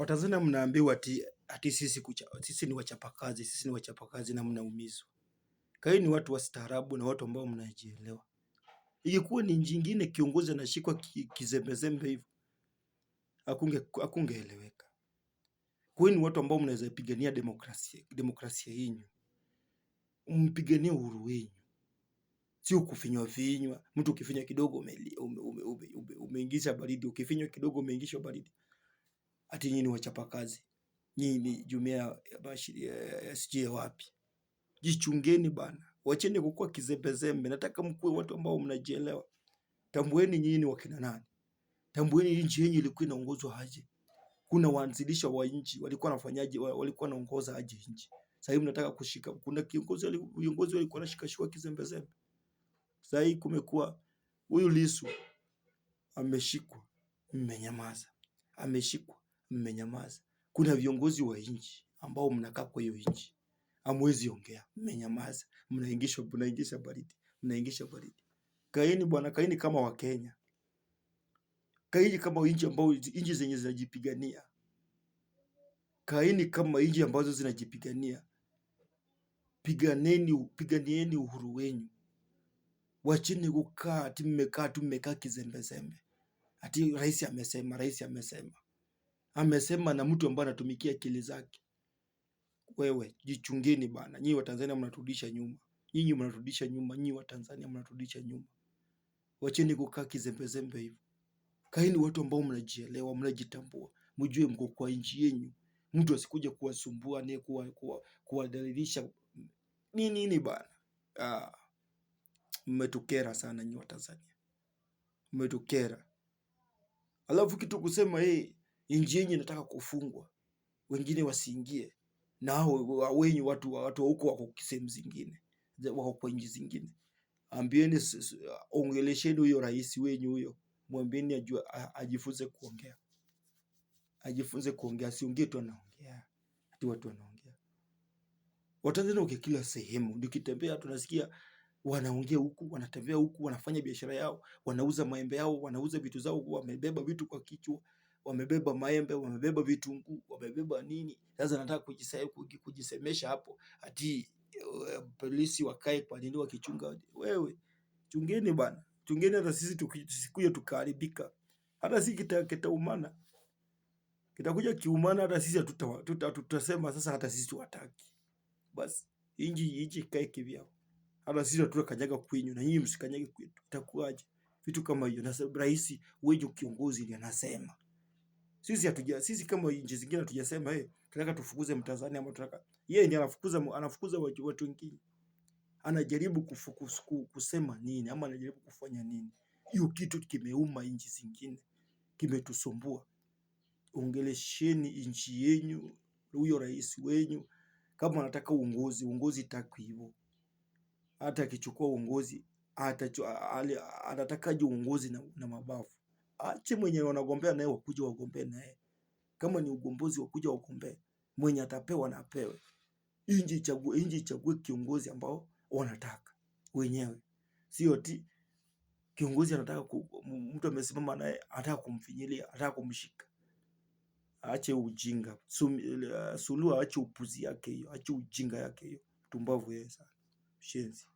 Watanzania mnaambiwa ati, ati sisi, kucha, sisi ni wachapakazi, sisi ni wachapakazi na mnaumizwa. ni watu wastaarabu na watu ambao mnajielewa. Ingekuwa ni nchi nyingine kiongozi anashikwa kizembezembe hivyo akunge akungeeleweka. Kwa ni watu ambao mnaweza pigania demokrasia, demokrasia yenu. mpigania uhuru wenu. Sio kufinywa finywa. Mtu ukifinywa kidogo umeingisha ume, ume, ume, ume baridi, ukifinywa kidogo umeingisha baridi ati nyinyi ni wachapakazi, nyinyi ni jumuiya ya ya sijui wapi. Jichungeni bana, wacheni kukua kizembezembe. Nataka mkuwe watu ambao mnajielewa. Tambueni nyinyi ni wakina nani, tambueni nchi yenu ilikuwa inaongozwa aje. Kuna waanzilisha wa nchi walikuwa wanafanyaje, walikuwa wanaongoza aje nchi. Sasa hivi mnataka kushika, kuna kiongozi, viongozi walikuwa wanashikashika kizembezembe. Sasa hivi kumekuwa huyu Lissu ameshikwa, mmenyamaza, ameshikwa mmenyamaza. Kuna viongozi wa nchi ambao mnakaa kwa hiyo nchi, hamwezi ongea, mmenyamaza, mnaingisha mnaingisha baridi, mnaingisha baridi. Kaini bwana, kaini kama Wakenya, kaini kama nchi ambao nchi zenye zinajipigania, kaini kama nchi ambazo zinajipigania. Piganeni, piganieni uhuru wenyu. Wacheni kukaa ati mmekaa tu mmekaa kizembezembe, ati rais amesema, rais amesema amesema na mtu ambaye anatumikia akili zake. Wewe jichungeni bana, nyinyi Watanzania mnaturudisha nyuma, nyinyi mnaturudisha nyuma, nyinyi Watanzania mnaturudisha nyuma. Wacheni kukaa kizembezembe hivyo, kaini watu ambao mnajielewa, mnajitambua, mjue mko kwa nchi yenyu, mtu asikuja kuwasumbua ni kuwa, kuwa nini nini bana. Ah, mmetukera sana nyinyi Tanzania, mmetukera alafu kitu kusema hey, nchi yenye inataka kufungwa, wengine wasiingie, na hao wenye watu watu huko wako sehemu zingine, wako kwa nchi zingine. Ambieni, ongelesheni huyo rais wenyu huyo, mwambieni ajue, ajifunze kuongea, ajifunze kuongea, asiongee tu anaongea ati watu wanaongea. Watanzania uko kila sehemu, nikitembea tunasikia wanaongea huku, wanatembea huku, wanafanya biashara yao, wanauza maembe yao, wanauza vitu zao, wamebeba vitu kwa kichwa wamebeba maembe, wamebeba vitunguu, wamebeba nini. Sasa nataka kujisai, kujisemesha hapo ati uh, polisi wakae kwa nini wakichunga? Wewe chungeni bana, chungeni hata sisi tusikuje tukaharibika, hata sisi si kitaumana kitakuja kiumana, hata sisi tutasema tuta, tuta, sasa, hata sisi tuwataki basi inji inji kae kivyao, hata sisi tuta kanyaga kwenyu na nyinyi msikanyage kwetu, itakuwaje? Vitu kama hiyo. Na rais wewe kiongozi ndiye anasema sisi hatuja sisi kama nchi zingine hatujasema hey, tunataka tufukuze Mtanzania ama tunataka. Yeye ndiye anafukuza anafukuza watu, wengine. Anajaribu kufuku, kusema nini ama anajaribu kufanya nini? Hiyo kitu kimeuma nchi zingine, kimetusumbua. Ongelesheni nchi yenyu, huyo rais wenyu kama anataka uongozi, uongozi taki hivyo. Hata akichukua uongozi anataka uongozi na, na mabavu? aache mwenye wanagombea naye wakuja wagombee naye, kama ni ugombozi wakuja wagombee, mwenye atapewa na apewe. Inji ichague, inji ichague kiongozi ambao wanataka wenyewe, sio ti kiongozi anataka mtu amesimama naye anataka kumfinyilia, anataka kumshika. Aache ujinga eh, Suluhu, aache upuzi yake hiyo, aache ujinga yake hiyo, tumbavu yeye sana, shenzi.